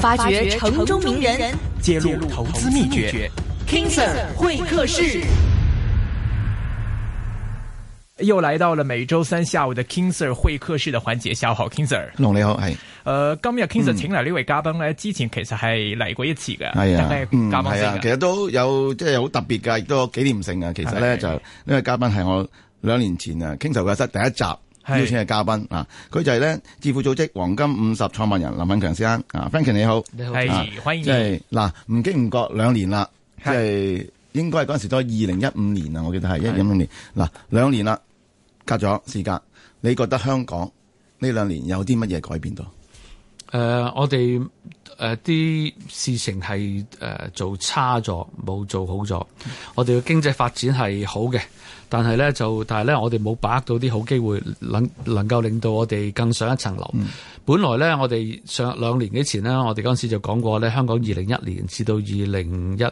發掘城中名人，揭露投資秘訣。King Sir 會客室又來到了每周三下午的 King Sir 會客室的環節。下午好，King Sir。龍你好，係。誒、呃，今日 King Sir、嗯、請來呢位嘉賓呢。之前其實係嚟過一次嘅。係啊，嗯，係、嗯、啊，其實都有即係好特別噶，亦都有紀念性噶。其實呢，是就呢位、這個、嘉賓係我兩年前啊 King Sir 會客室第一集。是邀請嘅嘉賓啊，佢就係咧智庫組織黃金五十創辦人林奮強先生啊 Frank 你好，你好，係、啊，歡迎，即係嗱，唔經唔覺兩年啦，即係是、就是、應該嗰陣時都係二零一五年啊，我記得係一五年，嗱、啊，兩年啦，隔咗時間，你覺得香港呢兩年有啲乜嘢改變到？誒、呃，我哋誒啲事情係誒、呃、做差咗，冇做好咗，我哋嘅經濟發展係好嘅。但係咧就，但係咧我哋冇把握到啲好機會，能能夠令到我哋更上一層樓。嗯、本來咧，我哋上兩年幾前呢，我哋嗰陣時就講過咧，香港二零一年至到二零一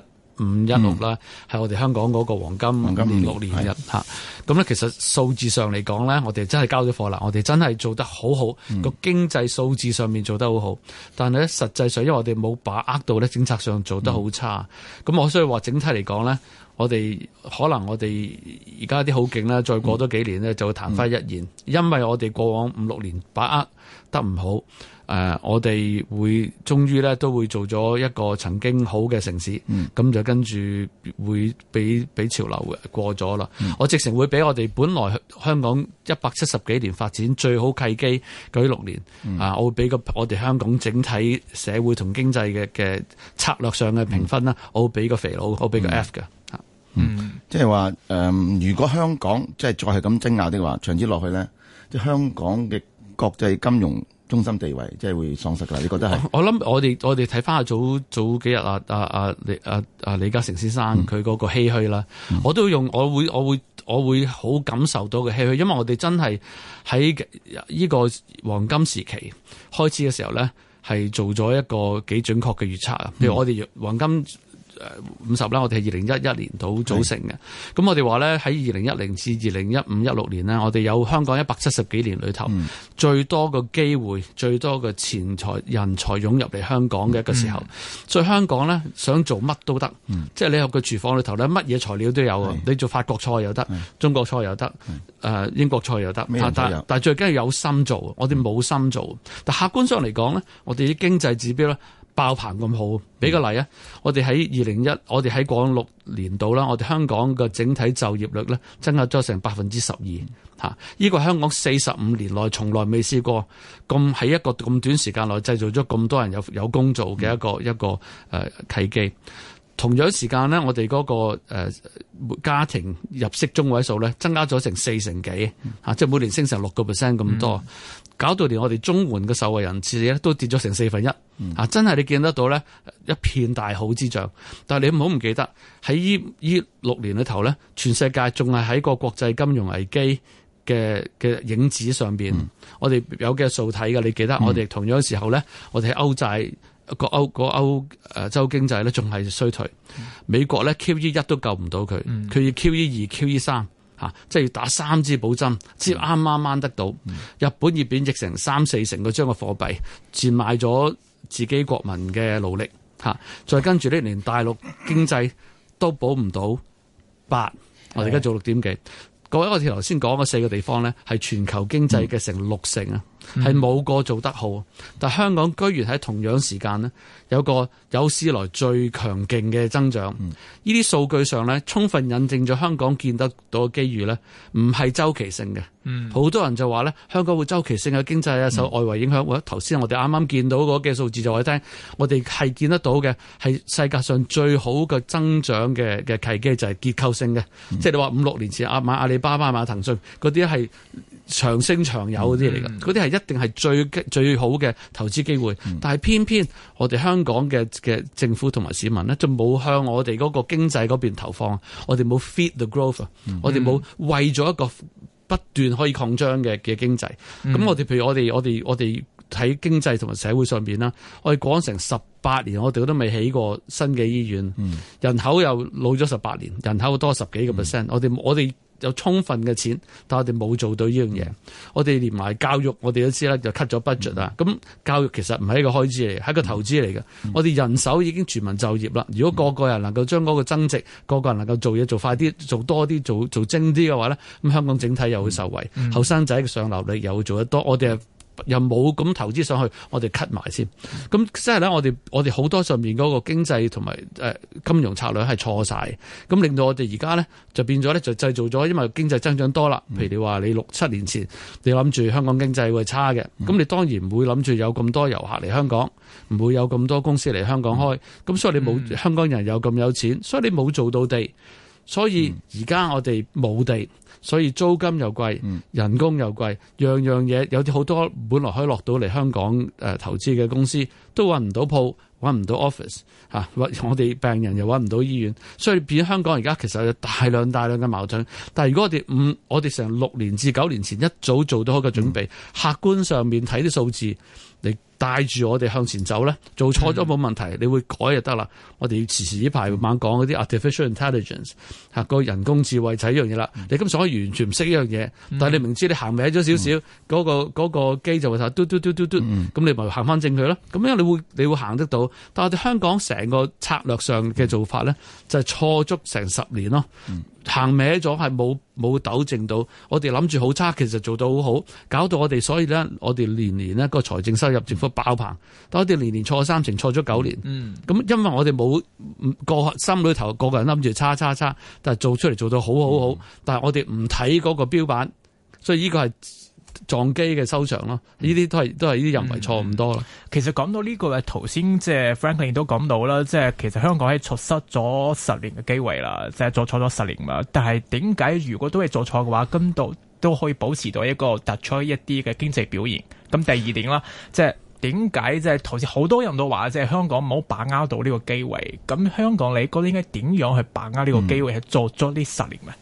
五一六啦，係我哋香港嗰個黃金五六金年日嚇。咁咧的其實數字上嚟講咧，我哋真係交咗貨啦，我哋真係做得好好，個、嗯、經濟數字上面做得好好。但係咧實際上，因為我哋冇把握到咧政策上做得好差，咁、嗯、我所以話整體嚟講咧。我哋可能我哋而家啲好勁咧，再過多幾年咧就會曇花一現。嗯嗯、因為我哋過往五六年把握得唔好，誒、呃，我哋會終於咧都會做咗一個曾經好嘅城市，咁、嗯、就跟住會俾俾潮流過咗啦。嗯、我直情會俾我哋本來香港一百七十幾年發展最好契機，嗰六年、嗯、啊，我會俾個我哋香港整體社會同經濟嘅嘅策略上嘅評分啦、嗯，我會俾個肥佬，我俾個 F 嘅。嗯，即係話誒，如果香港即係再係咁爭拗的話，長此落去咧，即係香港嘅國際金融中心地位，即係會喪失噶。你覺得係？我諗我哋我哋睇翻，啊，早早幾日啊啊啊李啊啊李嘉誠先生佢嗰、嗯、個唏噓啦，嗯、我都用，我會我會我會好感受到嘅唏噓，因為我哋真係喺呢個黃金時期開始嘅時候咧，係做咗一個幾準確嘅預測啊，譬如我哋黃金。五十啦，我哋係二零一一年到組成嘅。咁我哋話咧，喺二零一零至二零一五一六年呢，我哋有香港一百七十幾年裏頭最多嘅機會、最多嘅錢財人才湧入嚟香港嘅一個時候。所以香港呢，想做乜都得，即係你有個廚房裏頭咧，乜嘢材料都有。你做法國菜又得，中國菜又得，誒英國菜又得。但但但最緊要有心做，我哋冇心做。但客觀上嚟講呢，我哋啲經濟指標咧。爆棚咁好，俾個例啊！我哋喺二零一，我哋喺港六年度啦，我哋香港嘅整體就業率呢，增加咗成百分之十二，嚇！呢個香港四十五年內從來未試過咁喺一個咁短時間內製造咗咁多人有有工做嘅一個、嗯、一個誒、啊、契機。同樣時間呢，我哋嗰、嗰個、呃、家庭入息中位數呢，增加咗成四成幾嚇，嗯、即係每年升成六個 percent 咁多，嗯、搞到連我哋綜援嘅受惠人次咧都跌咗成四分一嚇、嗯啊，真係你見得到呢一片大好之象。但係你唔好唔記得喺呢呢六年裏頭呢，全世界仲係喺個國際金融危機嘅嘅影子上邊。嗯、我哋有嘅數睇嘅，你記得。我哋同樣嘅時候呢，我哋喺歐債。個歐個歐誒洲、呃、經濟咧仲係衰退，嗯、美國咧 QE 一都救唔到佢，佢、嗯、要 QE 二、QE 三嚇、啊，即係打三支保針先啱啱啱得到。嗯、日本已貶值成三四成個張嘅貨幣，賤賣咗自己國民嘅努力嚇、啊，再跟住呢，連大陸經濟都保唔到八，我哋而家做六點幾。各位，我頭先講嘅四個地方咧，係全球經濟嘅成六成啊！嗯係冇個做得好，但香港居然喺同樣時間咧，有個有史來最強勁嘅增長。呢啲、嗯、數據上咧，充分印證咗香港見得到嘅機遇咧，唔係周期性嘅。好、嗯、多人就話咧，香港會周期性嘅經濟啊，受外圍影響。嗯、我頭先我哋啱啱見到嗰嘅數字就話你聽，我哋係見得到嘅，係世界上最好嘅增長嘅嘅契機，就係、是、結構性嘅。嗯、即係你話五六年前阿買阿里巴巴、買騰訊嗰啲係。長升長有嗰啲嚟㗎，嗰啲係一定係最最好嘅投資機會。嗯、但係偏偏我哋香港嘅嘅政府同埋市民呢，就冇向我哋嗰個經濟嗰邊投放，我哋冇 feed the growth，、嗯、我哋冇為咗一個不斷可以擴張嘅嘅經濟。咁、嗯、我哋譬如我哋我哋我哋喺經濟同埋社會上邊啦，我哋講成十八年，我哋都未起過新嘅醫院、嗯、人，人口又老咗十八年，人口多十幾個 percent，我哋我哋。有充分嘅錢，但我哋冇做到呢樣嘢。我哋連埋教育，我哋都知啦，就 cut 咗 budget 啊。咁、嗯、教育其實唔係一個開支嚟，係一個投資嚟嘅。嗯、我哋人手已經全民就業啦。如果個個人能夠將嗰個增值，個個人能夠做嘢做快啲、做多啲、做做精啲嘅話咧，咁香港整體又會受惠。後生仔嘅上流力又會做得多。我哋係。又冇咁投資上去，我哋 cut 埋先。咁、嗯、即係呢，我哋我哋好多上面嗰個經濟同埋誒金融策略係錯晒。咁令到我哋而家呢，就變咗呢，就製造咗，因為經濟增長多啦。譬如你話你六七年前你諗住香港經濟會差嘅，咁、嗯、你當然唔會諗住有咁多遊客嚟香港，唔會有咁多公司嚟香港開。咁、嗯、所以你冇、嗯、香港人有咁有錢，所以你冇做到地。所以而家我哋冇地。嗯嗯所以租金又貴，人工又貴，嗯、樣樣嘢有啲好多，本來可以落到嚟香港誒投資嘅公司都揾唔到鋪。搵唔到 office 吓，啊，或我哋病人又搵唔到醫院，所以變咗香港而家其實有大量大量嘅矛盾。但係如果我哋五，嗯，我哋成六年至九年前一早做到好個準備，嗯，客觀上面睇啲數字，你帶住我哋向前走咧，做錯咗冇問題，你會改就得啦。我哋要遲遲依排晚講啲 artificial intelligence 吓，啊，個人工智慧就係依樣嘢啦。嗯，你今時可完全唔識依樣嘢，嗯，但係你明知你行歪咗少少，嗯，嗰個嗰個機，嗰個機就話嘟嘟嘟嘟嘟嘟，咁你咪行翻正佢咯。咁樣你會你會行得到。.但係我哋香港成個策略上嘅做法咧，就錯足成十年咯，行、嗯、歪咗係冇冇糾正到。我哋諗住好差，其實做到好好，搞到我哋所以咧，我哋年年呢個財政收入政府爆棚，嗯、但我哋年年錯三成，錯咗九年。嗯，咁因為我哋冇個心裏頭個，個人諗住差差差，但係做出嚟做到好好好，嗯、但係我哋唔睇嗰個標板，所以呢個係。撞機嘅收場咯，呢啲都係都係呢啲人為錯唔多啦錯誤多、嗯。其實講到呢、這個嘅頭先，即係 Franklin 都講到啦，即係其實香港係錯失咗十年嘅機會啦，即、就、係、是、做錯咗十年嘛。但係點解如果都係做錯嘅話，今度都可以保持到一個突出一啲嘅經濟表現？咁第二點啦，即係點解即係頭先好多人都話，即係香港冇把握到呢個機會。咁香港你覺得應該點樣去把握呢個機會，係、嗯、做咗呢十年咩？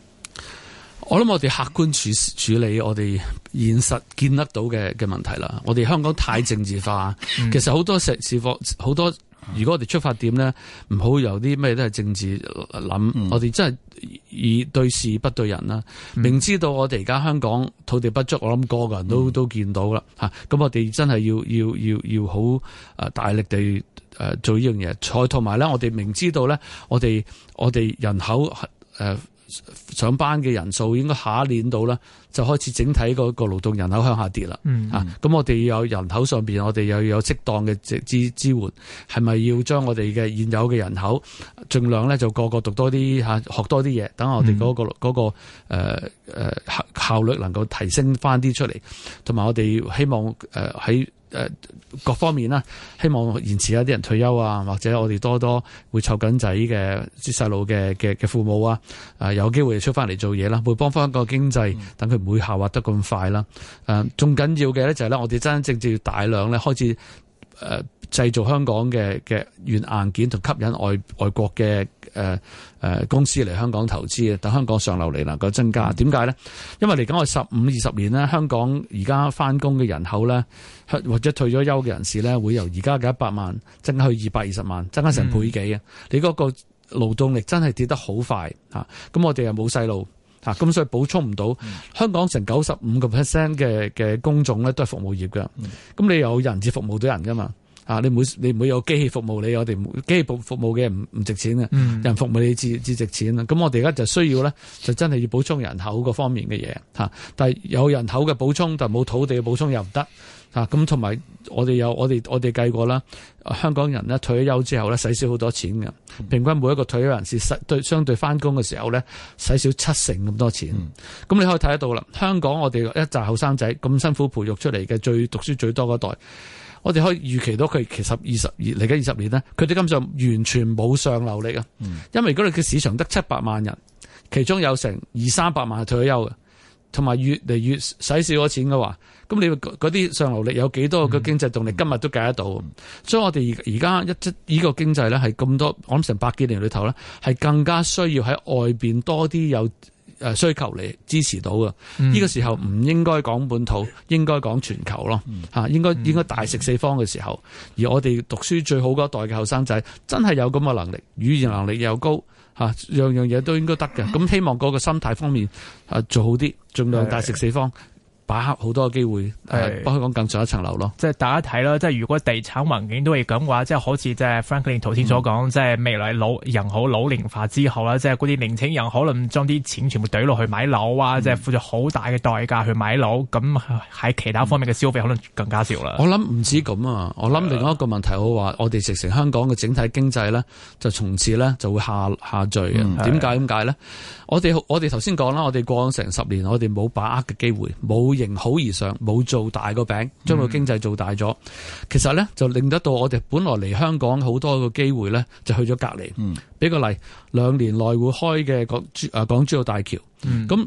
我諗我哋客觀處處理我哋現實見得到嘅嘅問題啦。我哋香港太政治化，其實好多石市況好多。如果我哋出發點咧，唔好由啲咩都係政治諗。嗯、我哋真係以對事不對人啦。明知道我哋而家香港土地不足，我諗個個人都、嗯、都見到啦嚇。咁我哋真係要要要要好啊，大力地誒做呢樣嘢。再同埋咧，我哋明知道咧，我哋我哋人口誒。呃上班嘅人數應該下一年度呢，就開始整體個個勞動人口向下跌啦。嗯，啊，咁我哋要有人口上邊，我哋又要有適當嘅支支支援，係咪要將我哋嘅現有嘅人口盡量呢？就個個讀多啲吓，啊，學多啲嘢，等我哋嗰、嗰個、嗯嗰個誒誒、呃、效率能夠提升翻啲出嚟，同埋我哋希望誒喺。呃誒各方面啦，希望延遲一啲人退休啊，或者我哋多多會湊緊仔嘅啲細路嘅嘅嘅父母啊，啊有機會出翻嚟做嘢啦，會幫翻個經濟，等佢唔會下滑得咁快啦。誒、呃，仲緊要嘅咧就係咧，我哋真真正正要大量咧開始誒、呃、製造香港嘅嘅軟硬件，同吸引外外國嘅。誒誒、呃、公司嚟香港投資啊，等香港上流嚟能夠增加點解、嗯、呢？因為嚟緊我十五二十年呢，香港而家翻工嘅人口咧，或者退咗休嘅人士咧，會由而家嘅一百萬增去二百二十萬，增加成倍幾啊！嗯、你嗰個勞動力真係跌得好快嚇，咁、啊、我哋又冇細路嚇，咁、啊、所以補充唔到。香港成九十五個 percent 嘅嘅工種咧都係服務業㗎，咁、嗯、你有人至服務到人㗎嘛？啊！你唔會你唔會有機器服務你，我哋機器服服務嘅唔唔值錢嘅，嗯、人服務你至至值錢啊！咁我哋而家就需要咧，就真係要補充人口嗰方面嘅嘢嚇。但係有人口嘅補充，但冇土地嘅補充又唔得啊！咁同埋我哋有我哋我哋計過啦，香港人咧退咗休之後咧，使少好多錢嘅，嗯、平均每一個退休人士使對相對返工嘅時候咧，使少七成咁多錢。咁、嗯、你可以睇得到啦，香港我哋一紮後生仔咁辛苦培育出嚟嘅最讀書最多嗰代。我哋可以預期到佢其實二十二嚟緊二十年咧，佢哋今上完全冇上流力啊。嗯、因為如果你嘅市場得七百萬人，其中有成二三百萬係退咗休嘅，同埋越嚟越使少咗錢嘅話，咁你嗰啲上流力有幾多嘅經濟動力？嗯、今日都計得到，嗯、所以我哋而而家一即依個經濟咧係咁多，我諗成百幾年裏頭咧係更加需要喺外邊多啲有。誒，需求嚟支持到㗎，呢、嗯、個時候唔應該講本土，應該講全球咯，嚇、嗯、應該應該大食四方嘅時候。嗯、而我哋讀書最好嗰一代嘅後生仔，真係有咁嘅能力，語言能力又高，嚇，樣樣嘢都應該得嘅。咁希望嗰個心態方面係做好啲，盡量大食四方。把握好多嘅機會，幫是、啊、香港更上一層樓咯。即係大家睇啦，即係如果地產環境都係咁嘅話，嗯、即係好似即係 Franklin 頭先所講，即係未來人老人好老年化之後啦，即係嗰啲年輕人可能將啲錢全部懟落去買樓啊，即係、嗯、付咗好大嘅代價去買樓，咁喺其他方面嘅消費可能更加少啦。我諗唔止咁啊，嗯、我諗另外一個問題，好話的我哋直情香港嘅整體經濟咧，就從此咧就會下下墜啊。點解的？點解咧？我哋我哋頭先講啦，我哋過咗成十年，我哋冇把握嘅機會，冇。形好而上，冇做大個餅，將個經濟做大咗。嗯、其實呢，就令得到我哋本來嚟香港好多個機會呢，就去咗隔離。嗯，俾個例，兩年內會開嘅港珠啊，港珠澳大橋。嗯，咁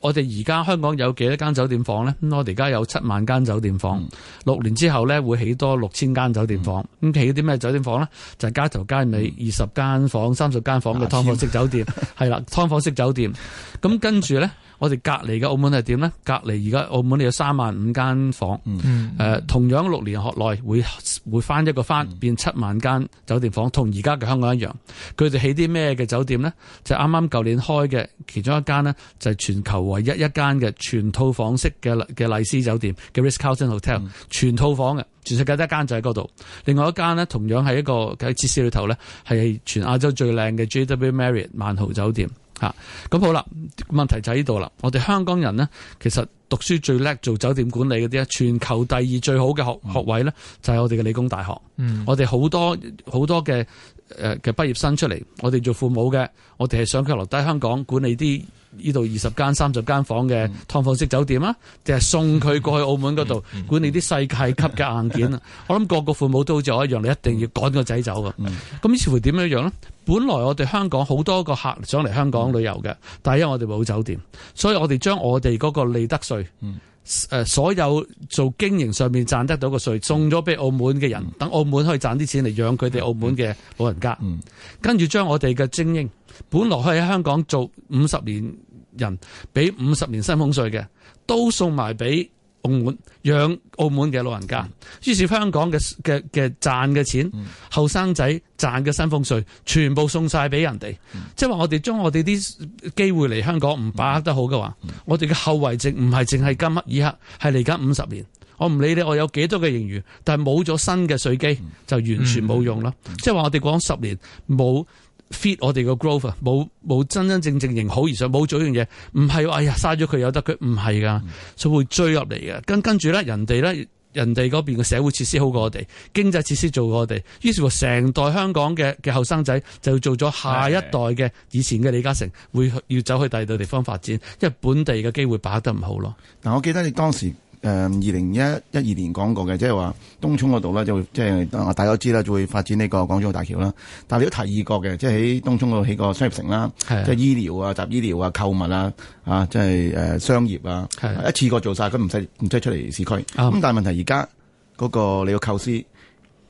我哋而家香港有幾多間酒店房呢？我哋而家有七萬間酒店房。嗯、六年之後呢，會起多六千間酒店房。咁起啲咩酒店房呢？就係，街頭街尾二十間房、三十間房嘅劏房式酒店。係啦、嗯，劏房式酒店。咁跟住呢？ 我哋隔離嘅澳門係點呢？隔離而家澳門有三萬五間房，誒、嗯呃、同樣六年學內會會翻一個番，變七萬間酒店房，同而家嘅香港一樣。佢哋起啲咩嘅酒店呢？就啱啱舊年開嘅其中一間呢，就係、是、全球唯一一間嘅全套房式嘅嘅麗思酒店嘅 Ritz Carlton Hotel，嗯、全套房嘅，全世界得一間就喺嗰度。另外一間呢，同樣係一個喺恆兆裏頭呢，係全亞洲最靚嘅 JW Marriott 萬豪酒店。咁好啦，問題就喺呢度啦。我哋香港人呢，其實讀書最叻做酒店管理嗰啲咧，全球第二最好嘅學學位呢，就係我哋嘅理工大學。嗯、我哋好多好多嘅誒嘅畢業生出嚟，我哋做父母嘅，我哋係想佢留低香港管理啲呢度二十間、三十間房嘅劏房式酒店啊，定係送佢過去澳門嗰度管理啲世界級嘅硬件啊！ 我諗個個,個父母都好似我一樣，你一定要趕個仔走㗎。咁於、嗯、是乎點樣樣呢？本來我哋香港好多個客想嚟香港旅遊嘅，但係因為我哋冇酒店，所以我哋將我哋嗰個利得稅，誒、嗯、所有做經營上面賺得到嘅稅，送咗俾澳門嘅人，等澳門可以賺啲錢嚟養佢哋澳門嘅老人家。嗯嗯、跟住將我哋嘅精英。本來去喺香港做五十年人，俾五十年薪俸稅嘅，都送埋俾澳門，養澳門嘅老人家。於是香港嘅嘅嘅賺嘅錢，後生仔賺嘅薪俸稅，全部送晒俾人哋。即係話我哋將我哋啲機會嚟香港唔把握得好嘅話，嗯、我哋嘅後遺症唔係淨係今乜以刻，係嚟緊五十年。我唔理你我有幾多嘅盈餘，但係冇咗新嘅稅基，就完全冇用咯。即係話我哋講十年冇。fit 我哋個 growth 冇冇真真正正型好而上冇做呢樣嘢，唔係哎呀嘥咗佢有得佢唔係噶，嗯、所以會追入嚟嘅。跟跟住咧，人哋咧人哋嗰邊嘅社會設施好過我哋，經濟設施做過我哋，於是乎成代香港嘅嘅後生仔就做咗下一代嘅以前嘅李嘉誠，的會要走去第二度地方發展，因為本地嘅機會把握得唔好咯。嗱，我記得你當時。誒二零一一二年講過嘅，即係話東涌嗰度咧，就即係我大家都知啦，就會發展呢個港珠澳大橋啦。但係你都提議過嘅，即係喺東涌嗰度起個商業城啦，即係是、啊、醫療啊、集醫療啊、購物啊，啊即係誒商業啊，是啊一次過做晒，佢唔使唔使出嚟市區。咁、啊、但係問題而家嗰個你個構思，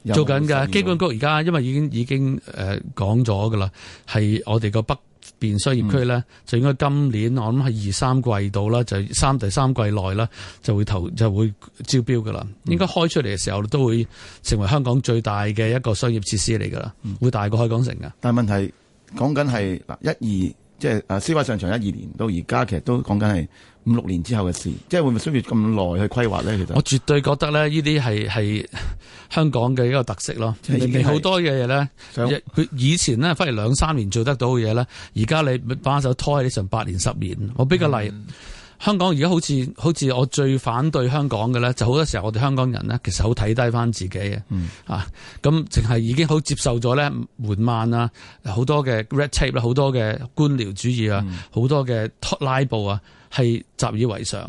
思，做緊㗎。機管局而家因為已經已經誒、呃、講咗㗎啦，係我哋個北商業區咧就應該今年我諗係，二三季度啦，就三第三季內啦，就會投就會招標噶啦。應該開出嚟嘅時候都會成為香港最大嘅一個商業設施嚟噶啦，會大過海港城噶，嗯。但係問題講緊係嗱一二。即係誒，司法上場一二年到而家，其實都講緊係五六年之後嘅事，即係會唔會需要咁耐去規劃咧？其實我絕對覺得咧，呢啲係係香港嘅一個特色咯。好是多嘢嘢咧，佢想以前呢，反而兩三年做得到嘅嘢咧，而家你把手拖喺起成八年十年。我俾個例。嗯香港而家好似好似我最反對香港嘅咧，就好多時候我哋香港人咧，其實好睇低翻自己嘅，嗯、啊，咁淨係已經好接受咗咧，緩慢啦，好多嘅 red tape 啦，好多嘅官僚主義啊，好、嗯、多嘅拉布啊，係習以為常，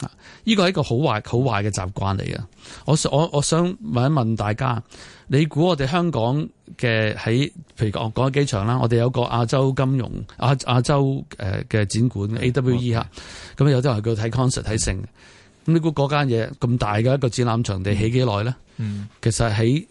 啊，依個係一個好壞好壞嘅習慣嚟嘅。我我我想問一問大家，你估我哋香港嘅喺，譬如講講機場啦，我哋有個亞洲金融亞亞洲誒嘅展館 AWE 吓，咁有啲人叫睇 concert 睇盛，咁你估嗰間嘢咁大嘅一個展覽場地起幾耐咧？嗯，其實喺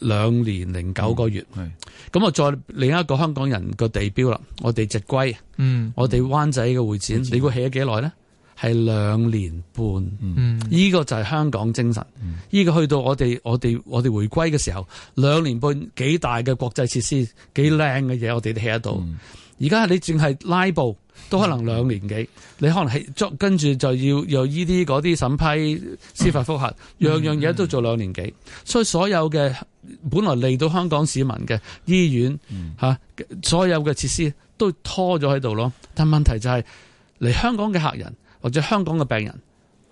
兩年零九個月，咁、嗯嗯、我再另一個香港人個地標啦，我哋隻龜，嗯，我哋灣仔嘅會展，嗯、你估起咗幾耐咧？係兩年半，呢、嗯、個就係香港精神。呢、嗯、個去到我哋我哋我哋回歸嘅時候，兩年半幾大嘅國際設施，幾靚嘅嘢，我哋都起得到。而家、嗯、你淨係拉布，都可能兩年幾，嗯、你可能係跟住就要又依啲嗰啲審批、司法複核，嗯、樣樣嘢都做兩年幾。嗯、所以所有嘅本來嚟到香港市民嘅醫院吓，嗯、所有嘅設施都拖咗喺度咯。但問題就係、是、嚟香港嘅客人。或者香港嘅病人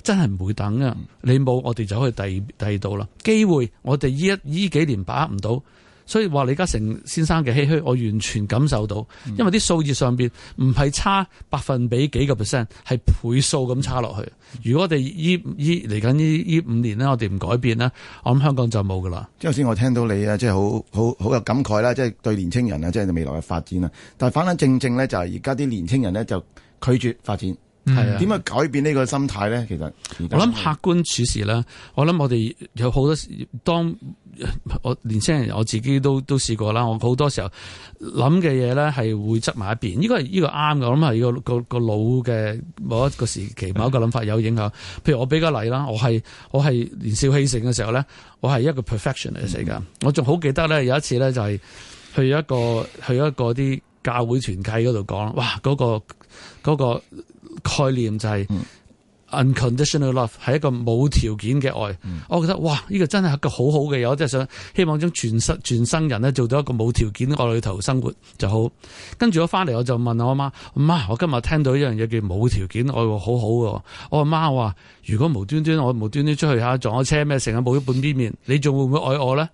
真係唔會等啊！嗯、你冇我哋走去第二第二度啦。機會我哋依一依幾年把握唔到，所以話李嘉誠先生嘅唏噓，我完全感受到，因為啲數字上邊唔係差百分比幾個 percent，係倍數咁差落去。如果我哋依依嚟緊呢依五年呢，我哋唔改變呢，我諗香港就冇噶啦。即係頭先我聽到你啊，即係好好好有感慨啦，即係對年青人啊，即係未來嘅發展啊。但係反正正正咧，就係而家啲年青人咧就拒絕發展。係啊，點樣、嗯、改變呢個心態咧？其實我諗客觀處事啦，我諗我哋有好多時當我年青人，我自己都都試過啦。我好多時候諗嘅嘢咧，係會執埋一邊。呢、係呢個啱嘅，我諗係個個個腦嘅某一個時期某一個諗法有影響。是的 譬如我比較例啦，我係我係年少氣盛嘅時候咧，我係一個 perfectionist 嚟嘅世界。嗯、我仲好記得咧，有一次咧就係去一個去一個啲教會團契嗰度講，哇嗰個、嗰個。嗰個概念就係 unconditional love，係一個冇條件嘅愛。 我覺得哇，呢、呢個真係一個好好嘅嘢，我真係想希望一全身全生人咧，做到一個冇條件愛裏頭生活就好。跟住我翻嚟，我就問我媽：媽，我今日聽到一樣嘢叫冇條件愛，好好。我話媽，我話如果無端端我無端端出去吓撞咗車咩，成日冇咗半邊面，面，你仲會唔會愛我咧？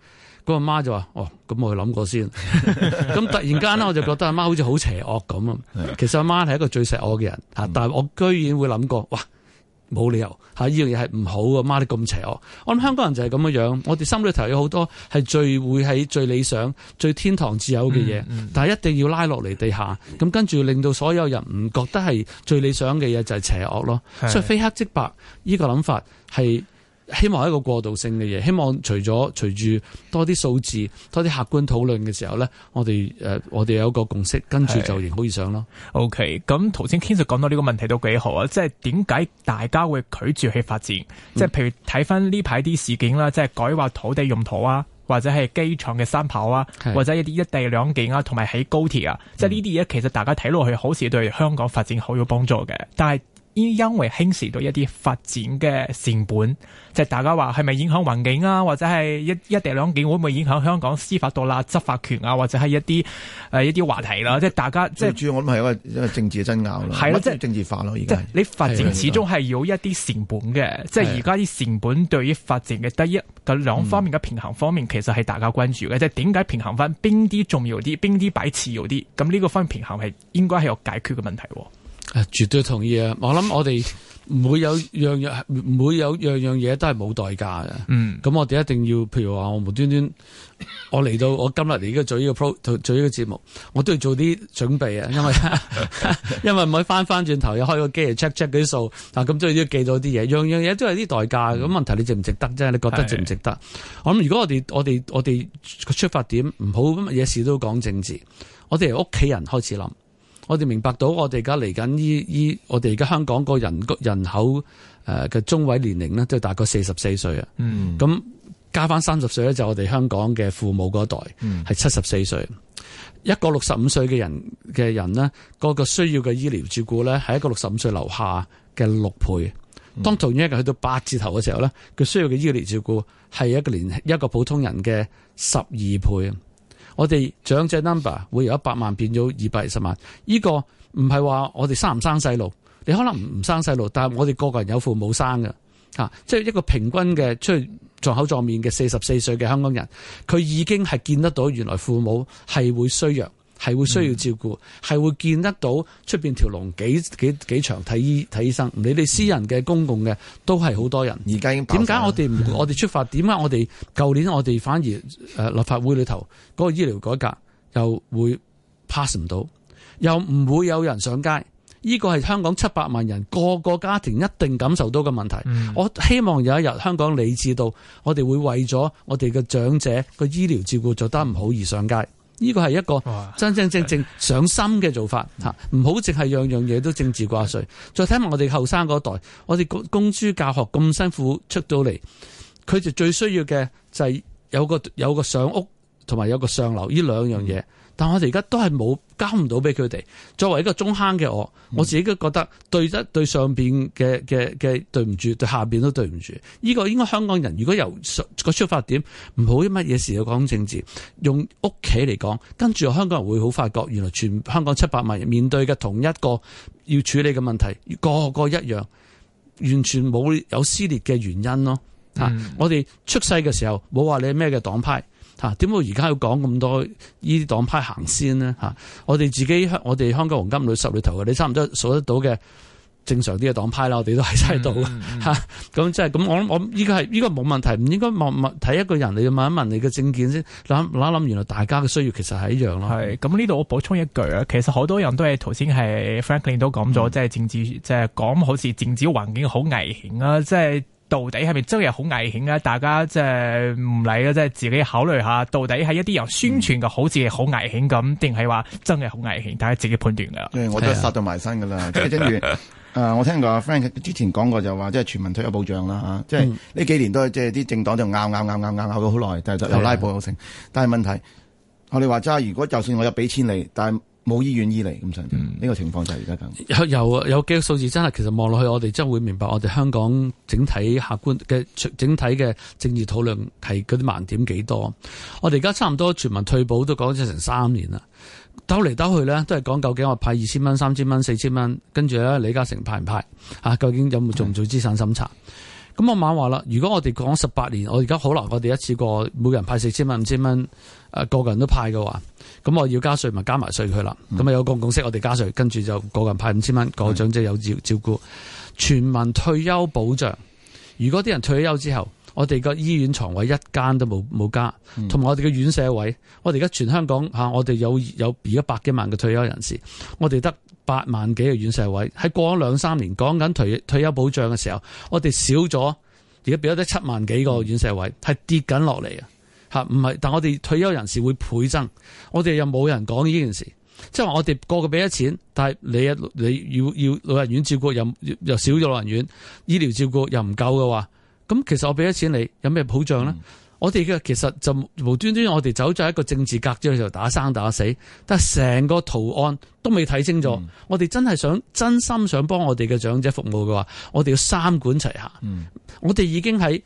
個阿媽就話：哦，咁我去諗過先。咁 突然間咧，我就覺得阿媽，媽好似好邪惡咁啊！ 其實阿媽係一個最錫我嘅人嚇，但係我居然會諗過，哇，冇理由嚇依樣嘢係唔好嘅，媽，媽你咁邪惡。我諗香港人就係咁嘅樣，我哋心裏頭有好多係最會喺最理想、最天堂自有嘅嘢，嗯嗯、但係一定要拉落嚟地下，咁跟住令到所有人唔覺得係最理想嘅嘢就係、是、邪惡咯。是所以非黑即白呢、呢個諗法係。希望係一個過渡性嘅嘢，希望除咗隨住多啲數字、多啲客觀討論嘅時候咧，我哋誒、呃、我哋有一個共識，跟住就好以上咯。OK，咁頭先 Ken 講到呢個問題都幾好啊，即係點解大家會拒絕去發展？即係譬如睇翻呢排啲事件啦，即係改劃土地用途啊，或者係機場嘅三跑啊，是或者一啲一地兩檢啊，同埋起高鐵啊，即係呢啲嘢其實大家睇落去好似對香港發展好有幫助嘅，但係。因因為輕視到一啲發展嘅成本，即係大家話係咪影響環境啊，或者係一一地兩檢會唔會影響香港司法獨立、執法權啊，或者係一啲誒一啲話題啦，即係大家即係最主要，我諗係一個一個政治嘅爭拗啦。係咯，即係政治化咯。即係你發展始終係有一啲成本嘅，即係而家啲成本對於發展嘅得益嘅兩方面嘅平衡方面，其實係大家關注嘅，即係點解平衡翻邊啲重要啲，邊啲擺次要啲？咁呢個方面平衡係應該係有解決嘅問題。誒，絕對同意啊！我諗我哋唔會有樣樣有，唔會有樣樣嘢都係冇代價嘅。嗯，咁我哋一定要，譬如話我無端端，我嚟到我今日嚟呢個做呢個 pro 做呢個節目，我都要做啲準備啊！因為 因為唔可以翻翻轉頭又開個機 check check 嗰啲數，嗱，咁都要記到啲嘢，樣樣嘢都係啲代價。咁問題你值唔值得啫？你覺得值唔值得？的我諗如果我哋我哋我哋個出發點唔好，乜嘢事都講政治，我哋由屋企人開始諗。我哋明白到，我哋而家嚟緊依依，我哋而家香港個人人口誒嘅中位年齡呢，都係大概四十四歲啊。嗯。咁加返三十歲咧，就我哋香港嘅父母嗰代，係七十四歲。歲個歲，一個六十五歲嘅人嘅人咧，嗰、嗯、個需要嘅醫療照顧咧，係一個六十五歲樓下嘅六倍。當同樣一個人去到八字頭嘅時候咧，佢需要嘅醫療照顧係一個連一個普通人嘅十二倍。我哋長者 number 會由一百萬變咗二百二十萬，呢個唔係話我哋生唔生細路，你可能唔生細路，但係我哋個個人有父母生嘅，嚇，即係一個平均嘅出去撞口撞面嘅四十四歲嘅香港人，佢已經係見得到原來父母係會衰弱。係會需要照顧，係、嗯、會見得到出邊條龍幾幾幾長睇醫睇醫生。你哋私人嘅、公共嘅都係好多人。而家點解我哋唔我哋出發？點解我哋舊 年我哋反而誒、呃、立法會裏頭嗰、嗰個醫療改革又會 pass 唔到，又唔會有人上街？呢個係香港七百萬人個個家庭一定感受到嘅問題。嗯、我希望有一日香港理智到，我哋會為咗我哋嘅長者個醫療照顧做得唔好而上街。呢個係一個真真正正上心嘅做法吓，唔好淨係樣樣嘢都政治掛帥。嗯、再睇埋我哋後生嗰代，我哋供書教學咁辛苦出到嚟，佢就最需要嘅就係有個有個上屋同埋有個上樓呢兩樣嘢。嗯但我哋而家都係冇交唔到俾佢哋。作為一個中坑嘅我，我自己都覺得對得對上邊嘅嘅嘅對唔住，對下邊都對唔住。呢、這個應該香港人，如果由個出，出發點唔好乜嘢事要講政治，用屋企嚟講，跟住香港人會好發覺，原來全香港七百萬人面對嘅同一個要處理嘅問題，個個一樣，完全冇有，有撕裂嘅原因咯。嚇、嗯啊！我哋出世嘅時候冇話你係咩嘅黨派。吓，點解而家要講咁多呢啲黨派行先呢？吓、啊，我哋自己我哋香港黃金五十裏頭嘅，你差唔多數得到嘅正常啲嘅黨派啦，我哋都喺晒度吓。咁即係，咁、嗯啊、我我依家係依家冇問題，唔應該問問睇一個人，你要問一問你嘅政見先諗諗諗，原來大家嘅需要其實係一樣咯。係咁呢度我補充一句啊，其實好多人都係頭先係 Franklin 都講咗，即係、嗯、政治，即係講好似政治環境好危險啊，即、就、係、是。到底係咪真係好危險咧？大家即係唔理啦，即係自己考慮下，到底係一啲由宣傳嘅，好似係好危險咁，定係話真係好危險？大家自己判斷噶啦。我都殺到埋身噶啦，即係正如誒，我聽過阿 Frank 之前講過，就話即係全民退休保障啦吓，即係呢幾年都係即係啲政黨就拗拗拗拗拗拗咗好耐，但係有拉布有成，但係問題我哋話齋，如果就算我有俾錢你，但係。冇醫院醫嚟，咁呢個情況就係而家咁。有有有幾個數字真係，其實望落去，我哋真係會明白我哋香港整體客觀嘅整體嘅政治討論係嗰啲盲點幾多。我哋而家差唔多全民退保都講咗成三年啦，兜嚟兜去呢，都係講究竟我派二千蚊、三千蚊、四千蚊，跟住咧，李嘉誠派唔派啊？究竟有冇做唔做資產審查？咁的我猛話啦，如果我哋講十八年，我而家好難，我哋一次過每人派四千蚊、五千蚊，誒，個個人都派嘅話。咁我要加稅，咪加埋稅佢啦。咁啊、嗯、有公共識，我哋加稅，跟住就個人派五千蚊，嗯、個長者有照照顧。全民退休保障，如果啲人退休之後，我哋個醫院床位一間都冇冇加，同埋我哋嘅院舍位，我哋而家全香港嚇，我哋有有而家一百幾萬嘅退休人士，我哋得八萬幾個院舍位，喺過咗兩三年講緊退退休保障嘅時候，我哋少咗而家比得七萬幾個院舍位，係跌緊落嚟啊！吓，唔係，但係我哋退休人士會倍增，我哋又冇人講呢件事，即係話我哋個個俾咗錢，但係你啊，你要要老人院照顧，又又少咗老人院，醫療照顧又唔夠嘅話，咁其實我俾咗錢你，有咩保障咧？嗯我哋嘅其實就無端端，我哋走咗一個政治格子度打生打死，但係成個圖案都未睇清楚。嗯、我哋真係想，真心想幫我哋嘅長者服務嘅話，我哋要三管齊下。嗯、我哋已經喺